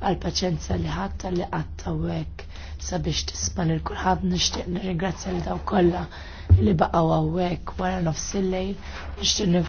għal-paċenza li ħatta li ħatta u għek sabiex tisman il-kulħad nishtiq nirringrazzja li daw kolla li baqaw għawek wara nofs il-lejl nishtiq